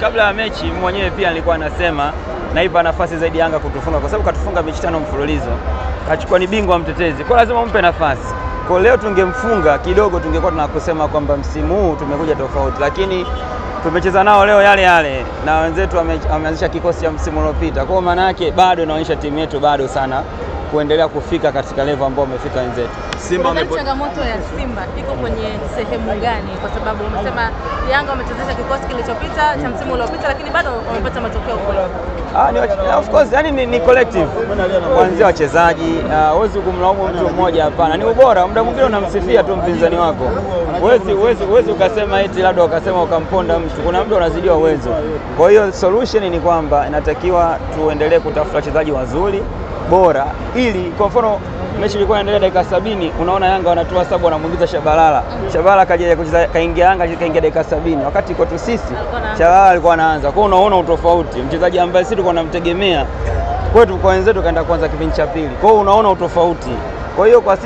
kabla ya mechi mwenyewe pia alikuwa anasema naipa nafasi zaidi Yanga kutufunga, kwa sababu katufunga mechi tano mfululizo, kachukua ni bingwa mtetezi, kwa lazima umpe nafasi. Kwa leo tungemfunga kidogo, tungekuwa tunakusema kwamba msimu huu tumekuja tofauti, lakini tumecheza nao leo yale yale, na wenzetu wameanzisha kikosi cha msimu uliopita. Kwa maana yake bado inaonyesha timu yetu bado sana kuendelea kufika katika level ambao wamefika wenzetu. Simba ambapo changamoto ya Simba iko kwenye sehemu gani? Kwa sababu umesema Yanga wamechezesha kikosi kilichopita cha msimu uliopita, lakini bado wamepata matokeo kule. Ah, ni of course, yani ni, ni collective kuanzia wachezaji. Huwezi uh, kumlaumu mtu mmoja, hapana. Ni ubora, muda mwingine unamsifia tu mpinzani wako, huwezi huwezi huwezi ukasema eti labda ukasema ukamponda mtu, kuna mtu unazidiwa uwezo. Kwa hiyo solution ni kwamba inatakiwa tuendelee kutafuta wachezaji wazuri bora, ili kwa mfano mechi ilikuwa inaendelea dakika sabini, unaona Yanga wanatua sabu wanamwingiza Shabalala. Mm. Shabalala kaja kucheza kaingia Yanga kaingia dakika sabini, wakati kwetu sisi Shabalala alikuwa anaanza. Kwa hiyo unaona utofauti, mchezaji ambaye sisi tulikuwa tunamtegemea kwetu kwa wenzetu kaenda kuanza kipindi cha pili. Kwa hiyo unaona utofauti, kwa hiyo kwa